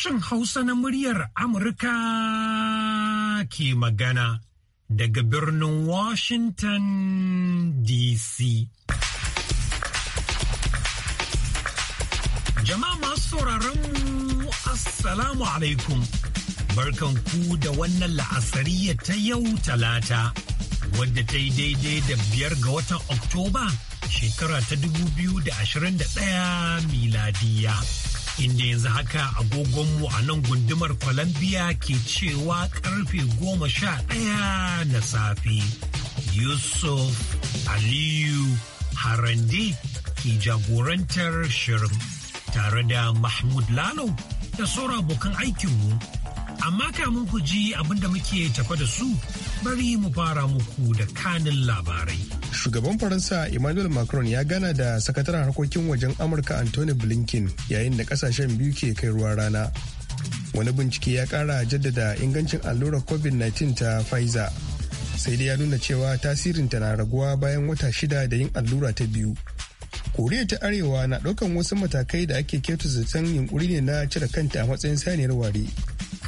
Sashen Hausa na muryar Amurka ke magana daga birnin Washington DC. Jama'a masu sauraronmu Assalamu alaikum. Barkan ku da wannan la'asariya ta yau talata, wadda ta yi daidai da biyar ga watan Oktoba shekara ta da da 2021 miladiya. inda yanzu haka agogonmu a nan gundumar kwalambiya ke cewa karfe goma sha ɗaya na safe. Yusuf Aliyu Harande ke jagorantar shirin tare da Mahmud Lalo da sauran abokan aikinmu. Amma kamun ku ji abinda muke tafa da su bari mu fara muku da kanin labarai. shugaban faransa emmanuel macron ya gana da sakataren harkokin wajen amurka anthony blinken yayin da kasashen biyu ke kai ruwa rana wani bincike ya kara jaddada ingancin allurar covid-19 ta pfizer sai dai ya nuna cewa tasirinta na raguwa bayan wata shida da yin allura ta biyu koriya ta arewa na ɗaukan wasu matakai da ake kyautu zaton yunkuri ne na cire kanta a matsayin saniyar ware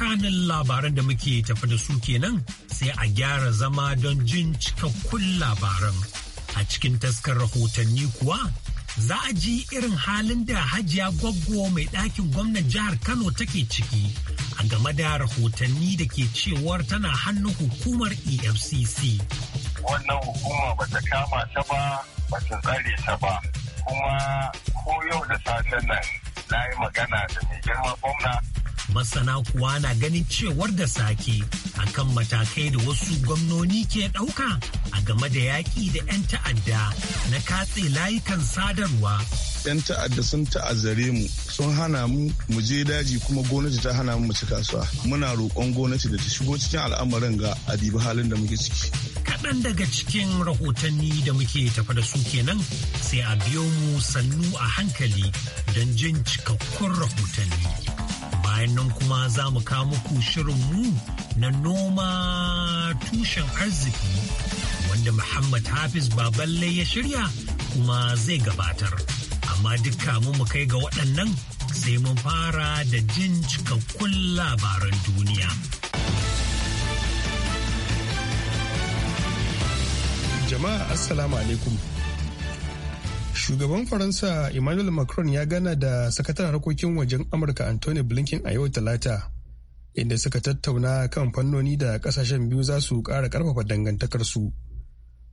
kanin labaran da muke tafi da su kenan sai a gyara zama don jin cikakkun labaran A cikin taskar rahotanni kuwa za a ji irin halin da hajiya gwaggo mai ɗakin gwamnan jihar Kano take ciki a game da rahotanni da ke cewar tana hannun hukumar EFCC. Wannan hukuma ba ta kama ta ba, ba ta tsare ta ba, kuma ko yau da safen nan na yi magana da mai girma gwamna masana kuwa na ganin cewar da sake akan matakai da wasu gwamnoni ke ɗauka a game da yaƙi da 'yan ta'adda na katse layukan sadarwa 'yan ta'adda sun ta'azzare mu sun hana mu mu je daji kuma gwamnati ta hana mu ci kasuwa muna roƙon gwamnati da ta shigo cikin al'amarin ga adibi halin da muke ciki kaɗan daga cikin rahotanni da muke tafa da su kenan sai a biyo mu sannu a hankali don jin cikakkun rahotanni bayan nan kuma za mu kawo muku shirinmu na noma tushen arziki wanda Muhammad Hafiz Baballe ya shirya kuma zai gabatar. Amma dukka mu mu kai ga waɗannan sai mun fara da jin cikakkun labaran duniya. Jama'a Assalamu alaikum. Shugaban Faransa Emmanuel Macron ya gana da sakataren harkokin wajen Amurka Anthony Blinken a yau Talata, inda suka tattauna kan fannoni da kasashen biyu za su ƙara ƙarfafa dangantakarsu.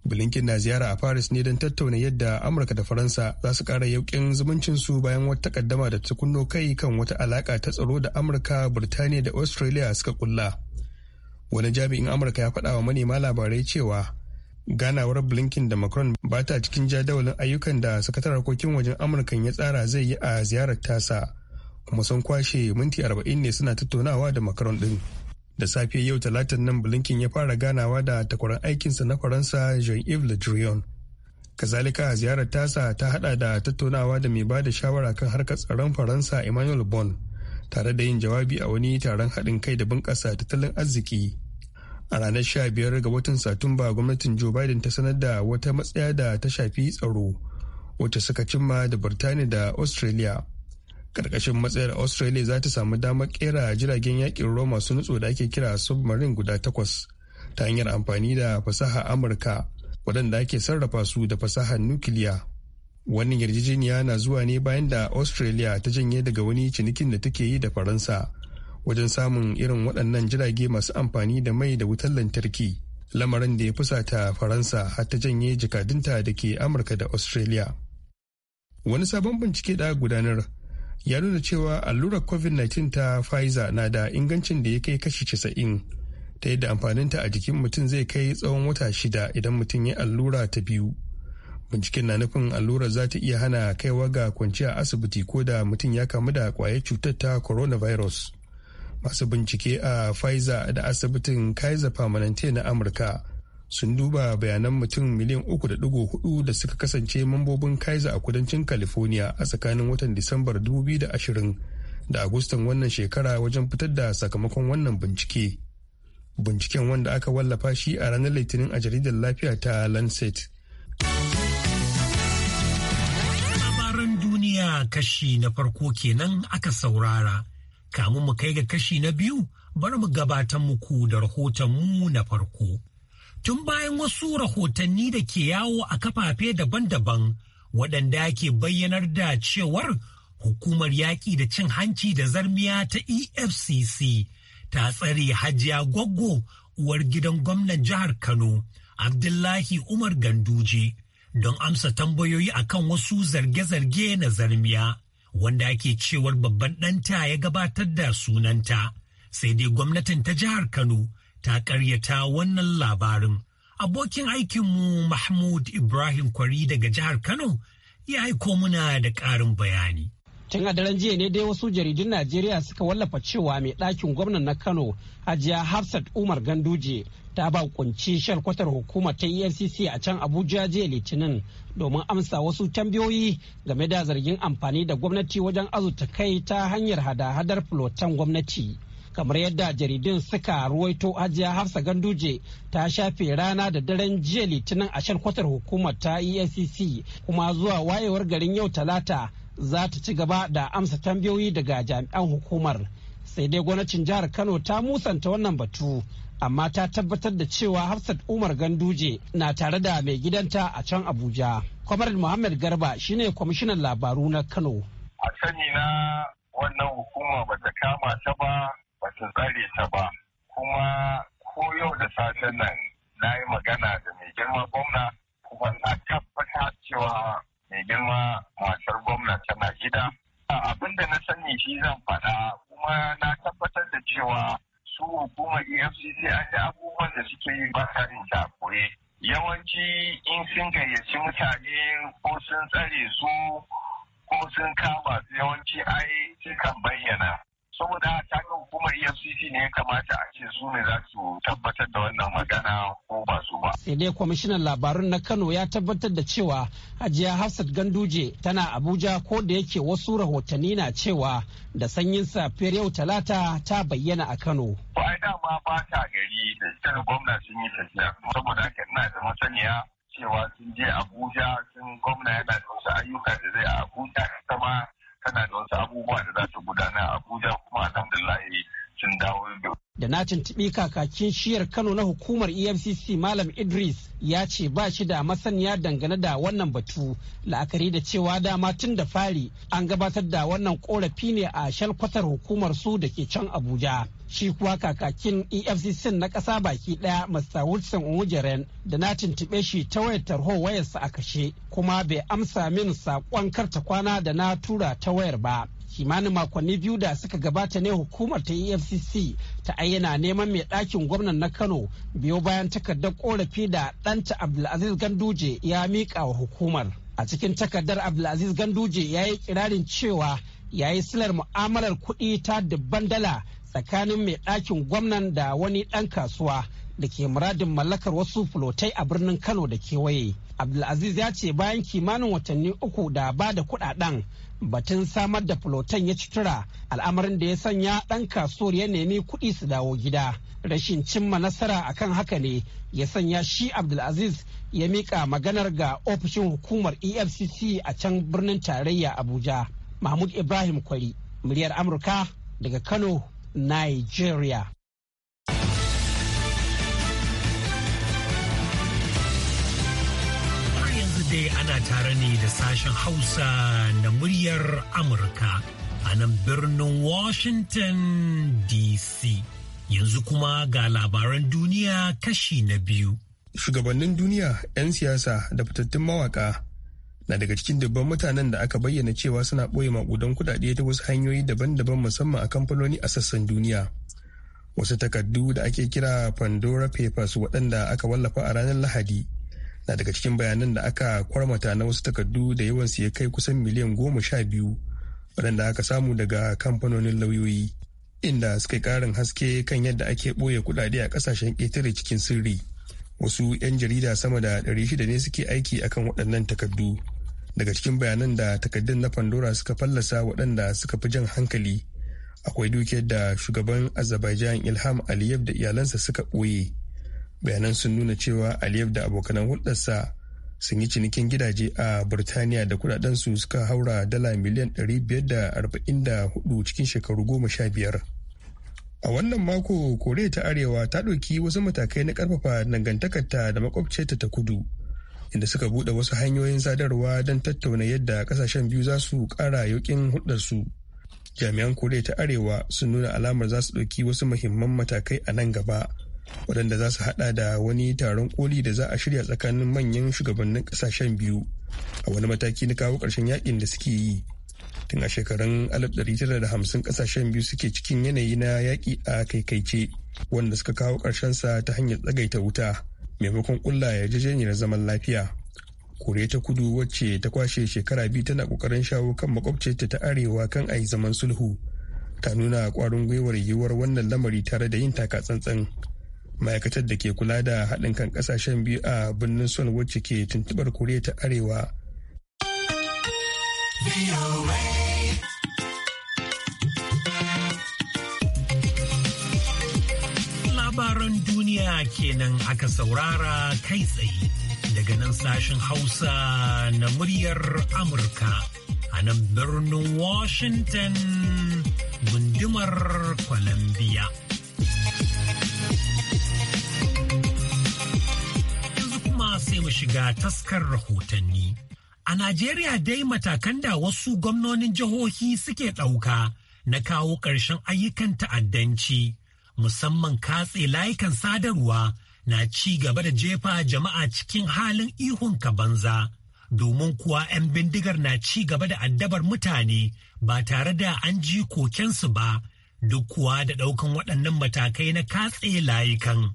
Blinken na ziyara a Paris ne don tattauna yadda Amurka da Faransa za su ƙara yauƙin zumuncinsu bayan wata takaddama da ta kunno kai kan wata alaƙa ta tsaro da Amurka, Birtaniya da Australia suka kulla. Wani jami'in Amurka ya faɗa wa manema labarai cewa ganawar blinken da macron ba ta cikin jadawalin ayyukan da sakatar harkokin wajen amurka ya tsara zai yi a ziyarar tasa kuma sun kwashe minti arba'in ne suna tattaunawa da macron din da safe yau talatin nan blinken ya fara ganawa da takwaran aikinsa na faransa jean-yves le drian kazalika ziyarar tasa ta hada da tattaunawa da mai bada shawara kan harkar tsaron faransa emmanuel bon tare da yin jawabi a wani taron haɗin kai da bunƙasa tattalin arziki a ranar 15 ga watan satumba gwamnatin joe biden ta sanar da wata matsaya da ta shafi tsaro wacce suka cimma da birtaniya da australia karkashin matsayar australia za ta samu damar kera jiragen yakin ruwa masu nutso da ake kira submarine guda takwas ta hanyar amfani da fasaha amurka waɗanda ake sarrafa su da fasahar nukiliya wannan yarjejeniya na zuwa ne bayan da australia ta janye daga wani cinikin da take yi da faransa wajen samun irin waɗannan jirage masu amfani da mai da wutar lantarki lamarin da ya fusata faransa har ta janye jikadinta da ke amurka da australia wani sabon bincike da gudanar ya nuna cewa allurar covid-19 ta pfizer na da ingancin da ya kai kashi casa'in ta yadda amfaninta a jikin mutum zai kai tsawon wata shida idan mutum ya allura ta biyu binciken na nufin allurar za ta iya hana kaiwa ga kwanciya asibiti ko da mutum ya kamu da kwayar cutar ta coronavirus masu bincike a pfizer da asibitin kaiser permanente na amurka sun duba bayanan mutum miliyan 3.4 da suka kasance mambobin kaiser a kudancin california a tsakanin watan disambar 2020 da agustan wannan shekara wajen fitar da sakamakon wannan bincike binciken wanda aka wallafa shi a ranar litinin a jaridar lafiya ta lancet labaran duniya kashi na farko kenan aka saurara kamu mu kai ga kashi na biyu bari mu gabatar muku da rahotonmu na farko. Tun bayan wasu rahotanni da ke yawo a kafafe daban-daban waɗanda ke bayyanar da cewar hukumar yaƙi da cin hanci da zarmiya ta EFCC ta tsare hajiya gwaggo uwar gidan gwamnan jihar Kano Abdullahi Umar Ganduje don amsa tambayoyi akan wasu zarge-zarge na zarmiya. wanda ake cewar babban ɗanta ya gabatar da sunanta sai dai gwamnatin ta jihar kano ta karyata wannan labarin abokin aikinmu mahmud ibrahim kwari daga jihar kano ya aiko muna da ƙarin bayani tun a daren jiya ne dai wasu jaridun najeriya suka wallafa cewa mai ɗakin gwamnan na kano hajiya hafsat umar ganduje ta ba kunci shalkwatar hukumar ta efcc a can abuja jiya litinin domin amsa wasu tambayoyi game da zargin amfani da gwamnati wajen azuta kai ta hanyar hada-hadar fulotan gwamnati kamar yadda jaridun suka ruwaito hajiya hafsa ganduje ta shafe rana da daren jiya litinin a shalkwatar hukumar ta efcc kuma zuwa wayewar garin yau talata za ta ci gaba da amsa tambayoyi daga jami'an hukumar sai dai gwamnatin jihar kano ta musanta wannan batu amma ta tabbatar da cewa hafsat umar ganduje na tare da mai gidanta a can abuja kwamar muhammad garba shine kwamishinan labaru na kano a sani na wannan hukuma ba ta kama ta ba ba ta tsare ta ba kuma ko yau da safen nan na yi magana da mai girma gwamna kuma na tabbata cewa mai girma matar gwamnati na gida abin da na sani shi zan faɗa kuma na tabbatar da cewa su hukumar efcc an yi abubuwan da suke yi ba sa yin takure yawanci in sun gayyaci mutane ko sun tsare su ko sun kama su yawanci ai sukan bayyana saboda ta yi hukumar EFCC ne ya kamata a ce su ne za su tabbatar da wannan magana ko ba su ba. Sai dai kwamishinan labarun na Kano ya tabbatar da cewa Hajiya Hafsat Ganduje tana Abuja ko da yake wasu rahotanni na cewa da sanyin safiyar yau Talata ta bayyana a Kano. Ba dama ba ta gari da ita gwamna sun yi tafiya saboda haka ina da masaniya cewa sun je Abuja sun gwamna yana da wasu ayyuka na tuntuɓi kakakin shiyar kano na hukumar efcc malam idris ya ce ba shi da masaniya dangane da wannan batu la'akari da cewa dama tun da fari an gabatar da wannan korafi ne a shalkwatar hukumar su da ke can abuja shi kuwa kakakin efcc na kasa baki daya mr wilson da na tuntube shi ta wayar tarho wayarsa a kashe kuma bai amsa min saƙon karta kwana da na tura ta wayar ba kimanin makonni biyu da suka gabata ne hukumar ta efcc ta ayyana neman mai ɗakin gwamnan na kano biyo bayan takardar korafi da ɗanta abdulaziz ganduje ya miƙa wa hukumar a cikin takardar abdulaziz ganduje ya yi kirarin cewa ya yi silar mu'amalar kuɗi ta dubban dala tsakanin mai ɗakin gwamnan da wani ɗan kasuwa da ke muradin mallakar wasu a birnin kano da kewaye abdulaziz ya ce bayan kimanin watanni uku da ba da kudaden batun samar da fulotan ya tura. al'amarin da ya sanya ɗan kasuwar ya nemi kuɗi su dawo gida rashin cimma nasara akan haka ne ya sanya shi abdulaziz ya miƙa maganar ga ofishin hukumar efcc a can birnin tarayya abuja mahmud ibrahim kwari muryar amurka daga kano nigeria dai ana tare ne da sashen Hausa na muryar Amurka a nan birnin Washington DC. Yanzu kuma ga labaran duniya kashi na biyu. Shugabannin duniya, 'yan siyasa da fitattun mawaka na daga cikin dubban mutanen da aka bayyana cewa suna ɓoye maƙudan kudade ta wasu hanyoyi daban-daban musamman a kamfanoni a sassan duniya. Wasu takardu da ake kira Pandora Papers waɗanda aka wallafa a ranar Lahadi na daga cikin bayanan da aka kwarmata na wasu takardu da yawan su ya kai kusan miliyan goma sha biyu waɗanda aka samu daga kamfanonin lauyoyi inda suka yi ƙarin haske kan yadda ake ɓoye kuɗaɗe a ƙasashen ƙetare cikin sirri wasu 'yan jarida sama da 600 ne suke aiki akan waɗannan takardu daga cikin bayanan da takardun na pandora suka fallasa waɗanda suka fi jan hankali akwai dukiyar da shugaban azerbaijan ilham aliyev da iyalansa suka ɓoye bayanan sun nuna cewa aliyu da abokanan hulɗarsa sun yi cinikin gidaje a birtaniya da su suka haura dala miliyan 544 cikin shekaru goma sha biyar a wannan mako koriya ta arewa ta ɗauki wasu matakai na ƙarfafa dangantakarta da makwabcinta ta kudu inda suka buɗe wasu hanyoyin sadarwa don tattauna yadda ƙasashen biyu za su ƙara hulɗar hulɗarsu jami'an koriya ta arewa sun nuna alamar za su ɗauki wasu muhimman matakai a nan gaba waɗanda za su hada da wani taron koli da za a shirya tsakanin manyan shugabannin ƙasashen biyu a wani mataki na kawo ƙarshen yakin da suke yi tun a shekarun 1950 ƙasashen biyu suke cikin yanayi na yaƙi a kaikaice wanda suka kawo sa ta hanyar tsagaita wuta maimakon ƙulla yarjejeniyar zaman lafiya koriya ta kudu wacce ta kwashe shekara biyu tana ƙoƙarin shawo kan makwabcinta ta arewa kan ayi zaman sulhu ta nuna ƙwarin gwiwar yiwuwar wannan lamari tare da yin taka tsantsan ma'aikatar da ke kula da haɗin kan ƙasashen biyu a birnin sol wacce ke tuntubar koriya ta arewa labaran duniya kenan aka saurara kai tsaye daga nan sashen hausa na muryar amurka a nan birnin washington gundumar columbia shiga taskar rahotanni. A Najeriya dai matakan da wasu gwamnonin jihohi suke ɗauka na kawo ƙarshen ayyukan ta'addanci, musamman katse layukan sadarwa na ci gaba da jefa jama'a cikin halin ihun ka banza. Domin kuwa 'yan bindigar na ci gaba da addabar mutane ba tare da an ji kokensu ba, duk kuwa da ɗaukan waɗannan matakai na katse layukan.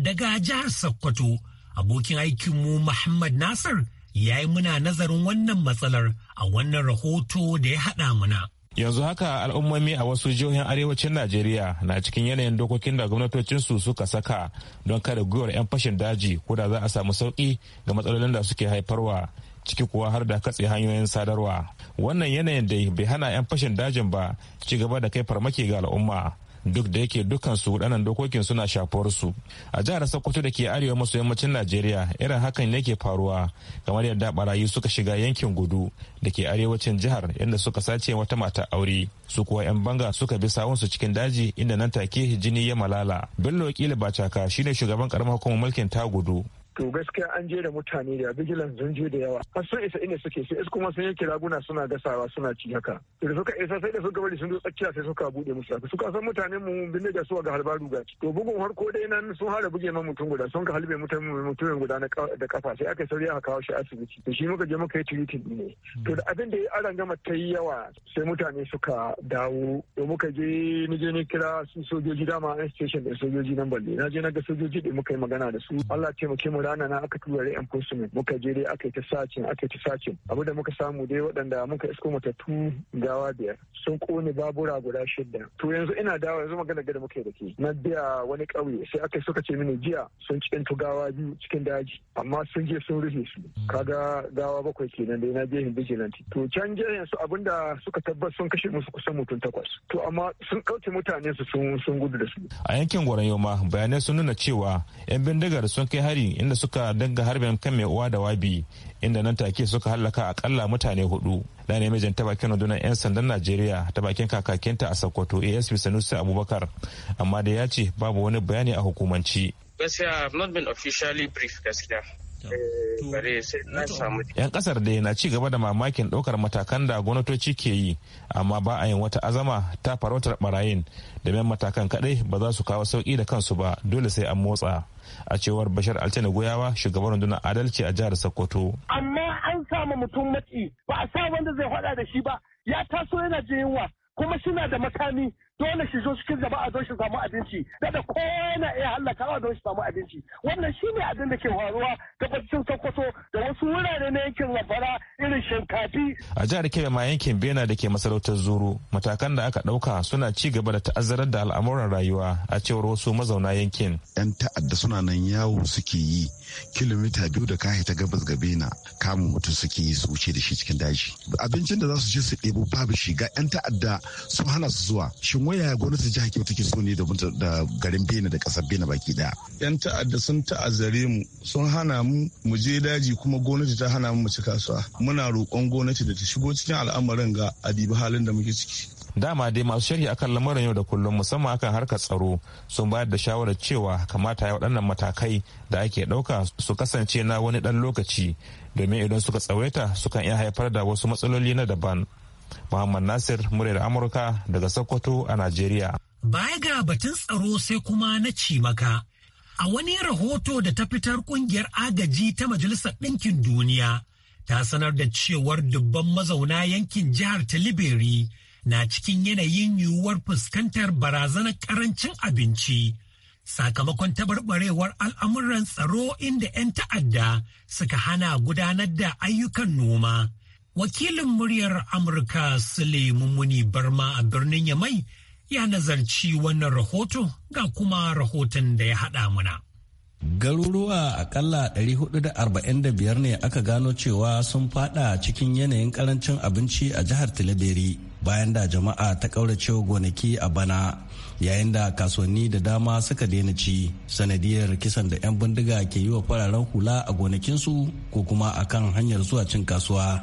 Daga jihar Sokoto, Abokin aikinmu Muhammad Nasir ya yi muna nazarin wannan matsalar a wannan rahoto da ya haɗa muna. yanzu haka al'ummomi a wasu jihohin arewacin najeriya na cikin yanayin dokokin da gwamnatocinsu suka saka don kada gwiwar 'yan fashin daji ko da za a samu sauki ga matsalolin da suke haifarwa ciki kuwa har da katse hanyoyin sadarwa wannan yanayin dai bai hana 'yan fashin dajin ba ci gaba da kai farmaki ga al'umma duk da yake dukkan su waɗannan dokokin suna shafuwar su a jihar sokoto da ke arewa maso yammacin najeriya irin hakan yake faruwa kamar yadda barayi suka shiga yankin gudu da ke arewacin jihar inda suka sace wata mata aure su kuwa yan banga suka bi su cikin daji inda nan take jini ya malala bello kila bacaka shine shugaban karamar hukumar mulkin tagudu. to gaskiya an je da mutane da bigilan sun je da yawa har sun isa inda suke sai kuma sun yi raguna suna gasawa suna ci haka suka isa sai da suka bari sun zo tsakiya sai suka bude musu haka suka san mutanen mu binne da su ga halbaru ga to bugun harko dai nan sun hara buge man mutum guda sun ka halbe mutum mutumin guda da kafa sai aka sauri aka kawo shi asibiti to shi muka je muka yi treating ne hmm. to da abin da ya arangama ta yi yawa sai mutane suka dawo To muka je ni je ni kira sojoji dama an station da sojoji nan balle na je na ga sojoji da muka yi magana da su Allah taimake mu rana na aka tura da enforcement muka je dai aka yi ta sacin aka yi ta sacin abu da muka samu dai waɗanda muka isko matattu gawa biyar sun kone babura guda shida to yanzu ina dawo yanzu magana gada muka da ke na biya wani ƙauye sai aka suka ce mini jiya sun cinto gawa biyu cikin daji amma sun je sun rufe su kaga gawa bakwai kenan dai na jehin vigilante to can yanzu abinda suka tabbas sun kashe musu kusan mutum takwas to amma sun kauce mutane su sun gudu da su a yankin gwaran yau ma bayanai sun nuna cewa yan bindigar sun kai hari inda waɗanda suka danga harbin kan mai uwa da wabi inda nan take suka hallaka akalla mutane hudu da ne mijin ta bakin rundunar 'yan sandan najeriya ta bakin kakakinta a sokoto asp sanusi abubakar amma da ya ce babu wani bayani a hukumanci Eh, yan kasar da na ci gaba da mamakin daukar matakan da gwamnatoci ke yi amma ba a yin wata azama ta farautar barayin da mai matakan kadai ba za su kawo sauki da kansu ba dole sai an motsa a cewar bashar altina goyawa shugaban rundunar adalci a jihar sokoto amma an samu mutum matsi ba a sa wanda zai hada da shi ba ya taso yana jin yunwa kuma suna da makami dole shi zo cikin jama'a a shi samu abinci kada kowa yana iya hallakawa don shi samu abinci wannan shi ne abin da ke faruwa ta bacin sokoto da wasu wurare na yankin lafara irin shinkafi a jihar kebe ma yankin bena da ke masarautar zuru matakan da aka ɗauka suna ci gaba da ta'azzarar da al'amuran rayuwa a cewar wasu mazauna yankin yan ta'adda suna nan yawo suke yi kilomita biyu da kahe ta gabas gabe na kamun mutum suke yi su wuce da shi cikin daji abincin da za su je su ɗebo babu shi ga 'yan ta'adda sun hana su zuwa shin waya gwamnati jihar kyau take so ne da garin bena da ƙasar bena baki ɗaya. 'yan ta'adda sun ta'azzare mu sun hana mu mu je daji kuma gwamnati ta hana mu mu ci kasuwa muna roƙon gwamnati da ta shigo cikin al'amarin ga adibi halin da muke ciki. dama dai masu sharhi akan lamarin yau da kullum musamman akan harkar tsaro sun bayar da shawarar cewa kamata ya waɗannan matakai da ake ɗauka su kasance na wani ɗan lokaci domin idan suka tsawaita sukan iya haifar da wasu matsaloli na daban muhammad nasir da amurka daga sokoto a najeriya baya ga batun tsaro sai kuma na cimaka a wani rahoto da ta fitar kungiyar agaji ta majalisar ɗinkin duniya ta sanar da cewar dubban mazauna yankin jihar ta liberi na cikin yanayin yiwuwar fuskantar barazanar karancin abinci sakamakon tabarbarewar al'amuran tsaro inda 'yan ta'adda suka hana gudanar da ayyukan noma. Wakilin muryar Amurka Sule Mummuni Barma a birnin Yamai ya nazarci wannan rahoto ga kuma rahoton da ya haɗa muna. Garuruwa akalla 445 ne aka gano cewa sun fada cikin yanayin karancin abinci a jihar Tilaberi bayan da jama'a ta kaurace gonaki a bana yayin da kasuwanni da dama suka daina ci sanadiyar kisan da 'yan bindiga ke yi wa fararen hula a gonakinsu ko kuma a kan hanyar zuwa cin kasuwa.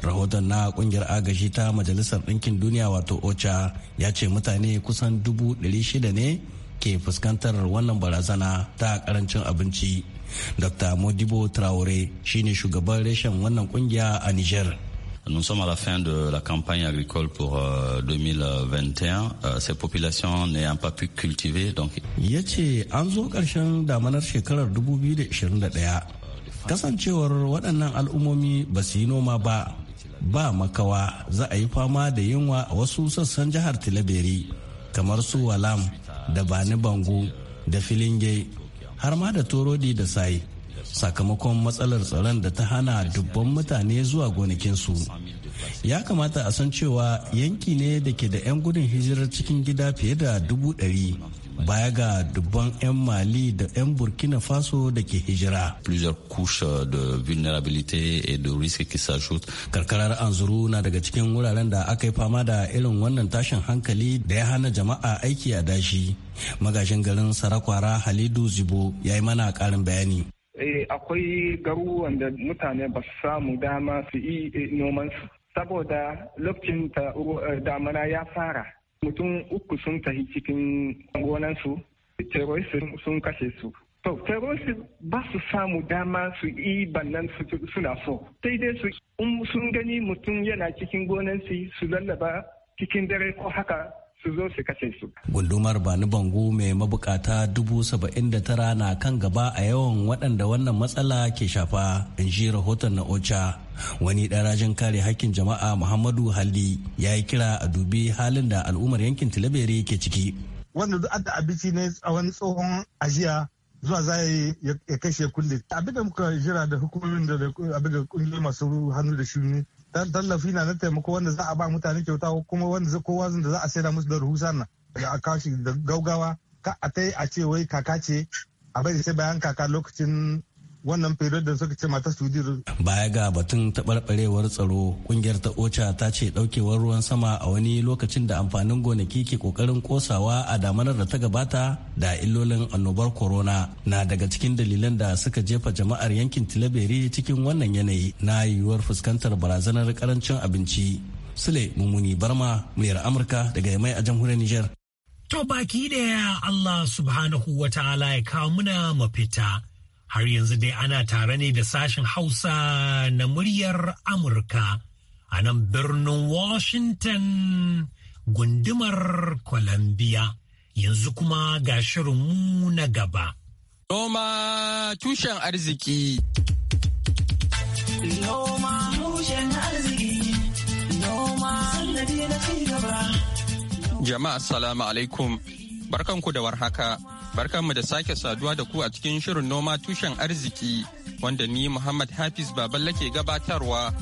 Rahoton na kungiyar agashi ta Majalisar Ɗinkin Duniya wato OCHA ya ce mutane kusan dubu shida ne ke fuskantar wannan barazana ta karancin abinci dr modibo traore shine shugaban reshen wannan kungiya a niger Nous sommes à la fin de la campagne agricole pour euh, 2021. Euh, ces populations n'ayant pas pu cultiver, donc. Ya ce an zo ƙarshen damanar shekarar 2021. Kasancewar waɗannan al'ummomi ba su yi noma ba, ba makawa za a yi fama da yunwa a wasu sassan jihar Tilaberi, kamar su Walam, da bani bango da filinge har ma da torodi da sai sakamakon matsalar tsaron da ta hana dubban mutane zuwa gonakinsu ya kamata a san cewa yanki ne da ke da 'yan gudun hijirar cikin gida fiye da dubu ɗari baya ga dubban 'yan mali da 'yan burkina faso da ke hijira plusieurs couches de vulnerabilité et de risque qui s'ajoutent karkarar anzuru na daga cikin wuraren da aka yi fama da irin wannan tashin hankali da ya hana jama'a aiki a dashi magashin garin sarakwara halidu zibo ya yi mana karin bayani eh, akwai garuruwan da mutane ba su samu dama su yi eh, nomansu saboda lokacin eh, damana ya fara mutum uku sun tafi cikin gonansu terrorist sun kashe su to terrorist ba su samu dama su yi bannan suna so sai dai su sun gani mutum yana cikin gonansu su lallaba cikin dare ko haka su zo su kashe su. Gundumar Bani Bango mai mabukata dubu saba'in da tara na kan gaba a yawan waɗanda wannan matsala ke shafa in ji rahoton na OCHA. Wani ɗarajin kare hakkin jama'a Muhammadu Halli ya yi kira a dubi halin da al'ummar yankin Tilabere ke ciki. Wanda duk da abinci ne tsawon tsohon ajiya zuwa za ya kashe kulle. Abin da muka jira da hukumomin da abin da kungiyoyi masu hannu da shuni dan tallafi na na taimako wanda za a ba mutane kyauta ko kuma wanda kowa da za a saida musu da ruhusa na da a kashi da gaugawa ka a tai a ce wai kaka ce a bai sai bayan kaka lokacin wannan firar da suka ce mata sudir. Baya ga batun taɓarɓarewar tsaro kungiyar ta OCHA ta ce ɗaukewar ruwan sama a wani lokacin da amfanin gonaki ke ƙoƙarin kosawa a damanar da ta gabata da illolin annobar corona na daga cikin dalilan da suka jefa jama'ar yankin Tilaberi cikin wannan yanayi na yiwuwar fuskantar barazanar karancin abinci. Sule mummuni Barma, muryar Amurka daga Yamai a jamhuriyar Niger. To baki ɗaya Allah subhanahu wa ta'ala ya kawo muna mafita. Har yanzu dai ana tare ne da sashen Hausa na muryar Amurka a nan birnin Washington gundumar Columbia. Yanzu kuma ga shirinmu na gaba. Noma tushen arziki. Noma tushen arziki. Noma sannadi na gaba. Jama'a salamu alaikum. Barkanku da warhaka. mu da sake saduwa da ku a cikin shirin noma tushen arziki wanda ni Muhammad Hafiz Baballa ke gabatarwa.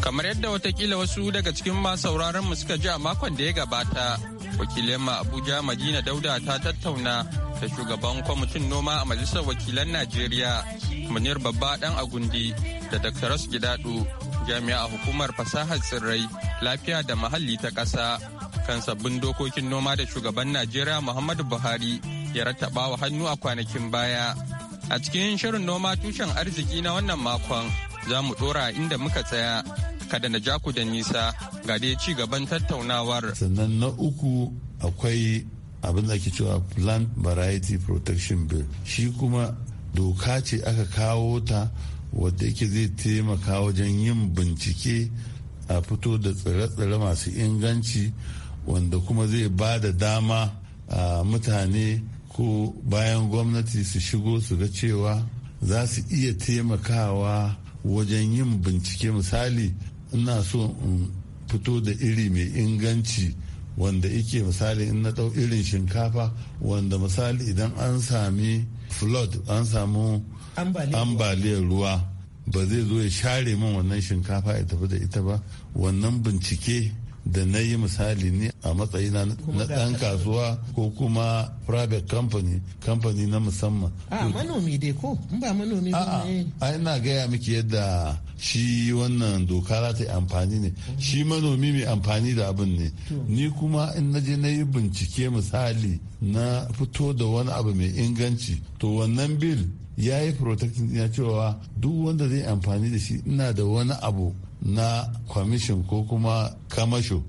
Kamar yadda watakila wasu daga cikin masauraran mu suka ji a makon da ya gabata, wakilin Abuja Madina Dauda ta tattauna da shugaban kwamitin noma a majalisar wakilan najeriya munir babba dan agundi da dr gidadu jami'a a hukumar fasahar tsirrai lafiya da muhalli ta ƙasa kan sabbin dokokin noma da shugaban najeriya muhammadu buhari ya rattaba wa hannu a kwanakin baya a cikin shirin noma tushen arziki na wannan makon za mu ɗora inda muka tsaya kada na ja ku da nisa ga dai ci gaban tattaunawar sannan na uku akwai abin da ake cewa plant variety protection bill shi kuma doka ce aka kawo ta wadda yake zai taimaka wajen yin bincike a fito da tsire-tsire masu inganci wanda kuma zai ba da dama a mutane ko bayan gwamnati su shigo su ga cewa za su iya taimakawa wajen yin bincike misali ina so in fito da iri mai inganci wanda ike misali in na ɗau irin shinkafa wanda misali idan an sami flood an samu ambaliyar ruwa ba zai zo ya share min wannan shinkafa ya tafi da ita ba wannan bincike da na yi misali ne a matsayina na ɗan kasuwa ko kuma private company company na musamman a manomi dai ko ba manomi ba ne a ina gaya miki yadda shi wannan doka za ta yi amfani ne mhm. shi manomi mai amfani da abin ne ni kuma in na je na yi bincike misali na fito da wani abu mai inganci to wannan bil ya yi protecting ya cewa duk wanda zai amfani da shi ina da wani abu na kwamishin ko kuma kamasho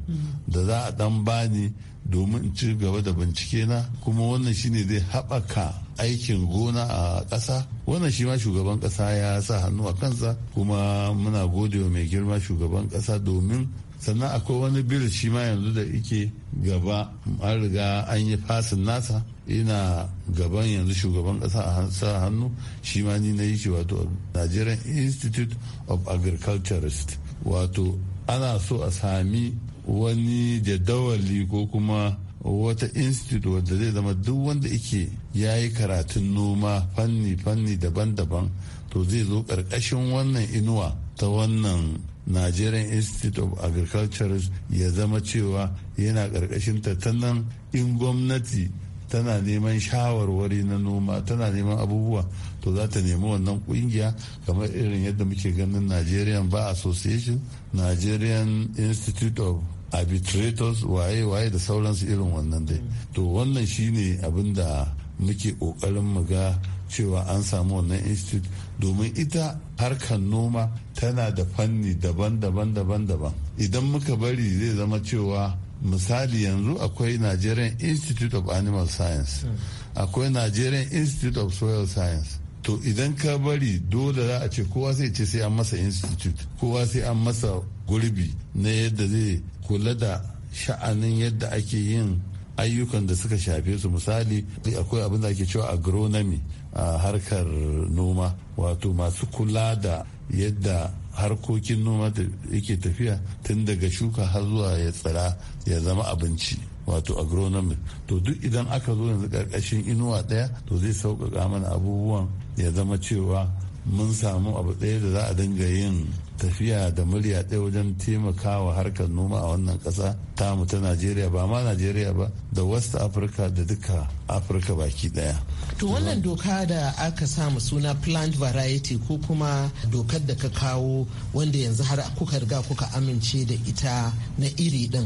da za a dan bani domin in ci gaba da bincike na kuma wannan shine zai haɓaka aikin gona a ƙasa wannan shi ma shugaban ƙasa ya sa hannu a kansa kuma muna gode wa mai girma shugaban ƙasa domin sannan akwai wani bil shi ma yanzu da ike gaba an riga an yi fasin nasa ina gaban yanzu shugaban kasa a sa hannu shi ma ni na yi shi wato nigerian institute of agriculturist wato ana so a sami wani jadawali ko kuma wata institute wadda zai zama duk wanda ike ya yi karatun noma fanni-fanni daban-daban to zai zo karkashin wannan inuwa ta wannan nigerian institute of agriculture ya zama cewa yana ƙarƙashin ta nan in gwamnati tana neman shawarwari na noma tana neman abubuwa to za ta nemi wannan kungiya kamar irin yadda muke ganin nigerian bar association nigerian institute of arbitrators waye-waye da sauransu irin wannan dai to wannan shine abin da muke kokarin mu ga cewa an samu wannan institute domin ita harkar noma tana da fanni daban-daban daban-daban idan muka bari zai zama cewa misali yanzu akwai nigerian institute of animal science hmm. akwai nigerian institute of soil science to idan ka bari dole za a ce kowa sai ce sai an masa institute kowa sai an masa gurbi na yadda zai kula da sha'anin yadda ake yin ayyukan da suka shafe su misali akwai abin da ake cewa agronomy a harkar noma wato masu kula da yadda harkokin noma da yake tafiya tun daga shuka har zuwa ya tsira ya zama abinci wato agronomy to duk idan aka zo yanzu karkashin inuwa daya to zai sauƙaƙa mana abubuwan ya zama cewa mun samu abu ɗaya da za a dinga yin tafiya da murya ɗaya wajen taimakawa harkar noma a wannan ƙasa ta ta najeriya ba ma najeriya ba da west africa da duka afirka baki ɗaya to wannan doka da aka samu suna plant variety ko kuma dokar da ka kawo wanda yanzu har kuka riga kuka amince da ita na iri ɗin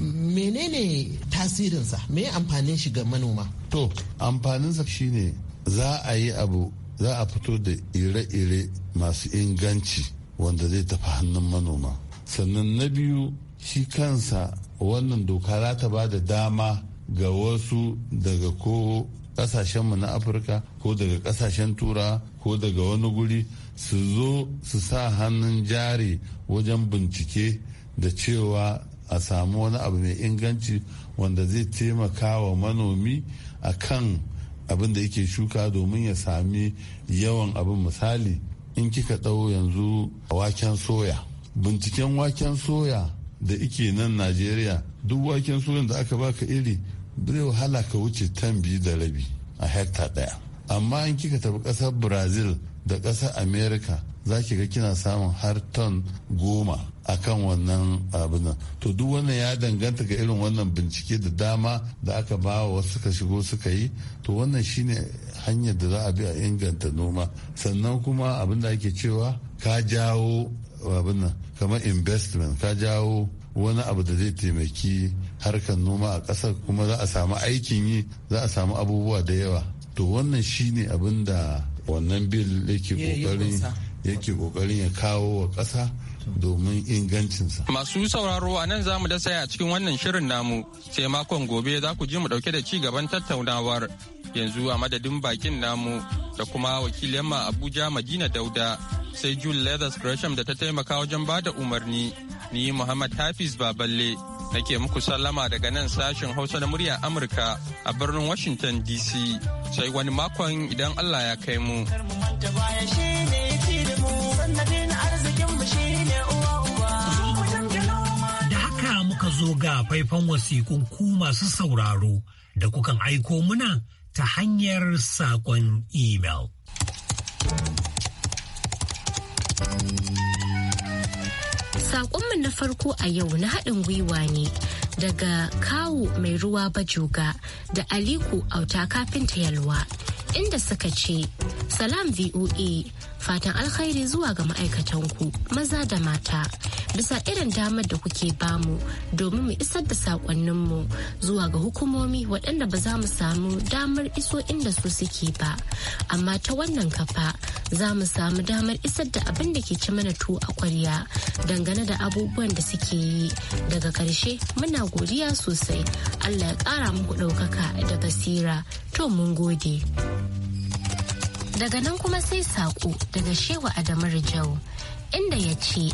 menene tasirinsa me amfanin shi ga manoma to amfaninsa shine za a yi abu za a fito da ire-ire masu inganci wanda zai tafi hannun manoma sannan na biyu shi kansa wannan doka za ta ba da dama ga wasu daga ko kasashenmu na afirka ko daga kasashen tura ko daga wani guri su zo su sa hannun jari wajen bincike da cewa a samu wani abu mai inganci wanda zai taimaka wa manomi a kan abin da yake shuka domin ya sami yawan abin misali in kika ɗau yanzu a waken soya binciken waken soya da ike nan najeriya duk waken soyan da aka baka iri bai wahala ka wuce tan biyu da rabi a hekta ɗaya amma in kika tafi ƙasar brazil da ƙasar america za ki ga kina samun har ton goma a kan wannan abin to duk wannan ya danganta ga irin wannan bincike da dama da aka ba wa wasu suka shigo suka yi to wannan shine hanyar da za a bi a inganta noma sannan kuma abin da ake cewa ka jawo abin nan kamar investment ka jawo wani abu da zai taimaki harkar noma a ƙasar kuma za a samu aikin yi za a samu abubuwa da yawa to wannan shine abin da wannan bill yake kokarin yake kokarin ya kawo wa ƙasa domin ingancinsa. Masu sauraro a nan za mu da a cikin wannan shirin namu sai makon gobe za ku ji mu ɗauke da ci gaban tattaunawar yanzu a madadin bakin namu da kuma wakilin ma Abuja Madina Dauda sai Jule Leathers Gresham da ta taimaka wajen ba da umarni ni Muhammad Hafiz Baballe nake muku sallama daga nan sashen Hausa na murya Amurka a birnin Washington DC sai wani makon idan Allah ya kai mu. zo ga faifan wasiƙun masu sauraro da kukan aiko muna ta hanyar saƙon email. Saƙonmu na farko a yau na haɗin gwiwa ne. daga kawu mai ruwa bajoga da aliku auta kafinta yalwa inda suka ce salam voa fatan alkhairi zuwa ga ma'aikatanku maza da mata bisa irin damar da kuke bamu domin mu isar da sakonninmu zuwa ga hukumomi waɗanda ba za mu samu damar iso inda su suke ba amma ta wannan kafa za mu samu damar isar da abin da ke ci mana tuwo a kwarya dangane da abubuwan da suke yi daga ƙarshe muna godiya sosai allah ya ƙara muku ɗaukaka da basira to mun gode. daga nan kuma sai saƙo daga shewa adamu rijau inda ya ce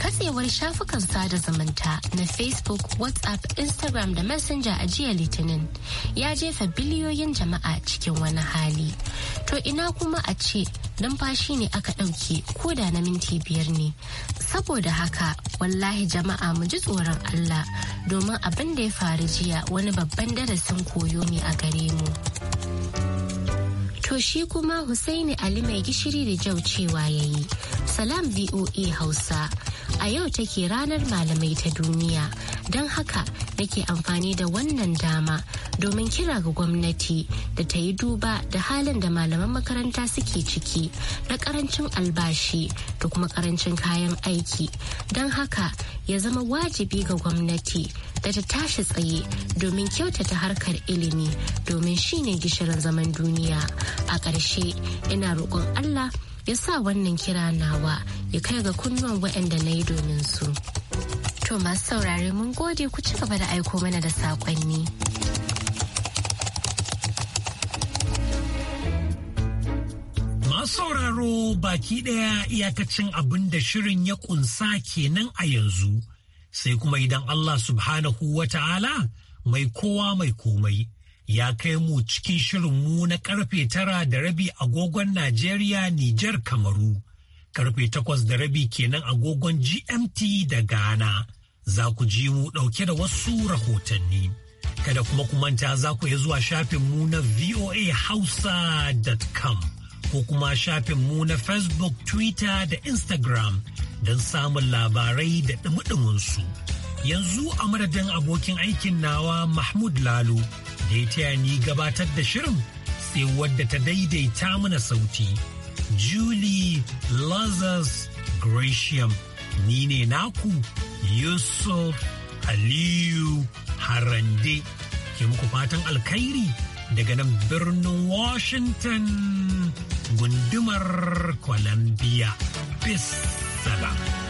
katsewar shafukan sada zumunta na facebook whatsapp instagram da messenger a jiya litinin ya jefa biliyoyin jama'a cikin wani hali to ina kuma a ce numfashi ne aka ɗauke ko da na minti biyar ne saboda haka wallahi jama'a mu ji tsoron allah domin abin da ya faru jiya wani babban darasin koyo ne a gare mu To shi kuma Husaini Ali mai gishiri da jau cewa ya yi. Salam VOA Hausa. A yau take ranar malamai ta duniya. Don haka nake amfani da wannan dama domin kira ga gwamnati da ta yi duba da halin da malaman makaranta suke ciki na karancin albashi da kuma karancin kayan aiki. Don haka ya zama wajibi ga gwamnati. da ta tashi tsaye domin kyautata harkar ilimi domin shine gishirin zaman duniya a ƙarshe ina roƙon allah ya sa wannan kira nawa ya kai ga kunnuwan waɗanda na yi domin su to masu saurare mun gode ku ci gaba da aiko mana da saƙonni. sauraro baki ɗaya iyakacin abin da shirin ya kunsa kenan a yanzu sai kuma idan Allah subhanahu wa ta'ala mai kowa mai komai ya kai mu cikin shirin mu na karfe tara da rabi agogon Najeriya Nijar Kamaru, karfe takwas da rabi kenan agogon GMT da Ghana. Za ku ji mu ɗauke da wasu rahotanni. Kada kuma kumanta za ku iya zuwa shafin mu na voahausa.com. ko kuma shafin mu na Facebook, Twitter da Instagram don samun labarai da ɗumuɗuminsu. Yanzu a madadin abokin aikin nawa Mahmud Lalo da ya taya ni gabatar da shirin sai wadda ta daidaita mana sauti. Julie Lazarus Gratiam ni ne naku Yusuf Aliyu Harande ke muku fatan alkhairi. daga nan birnin Washington gundumar Columbia. Peace. Salam.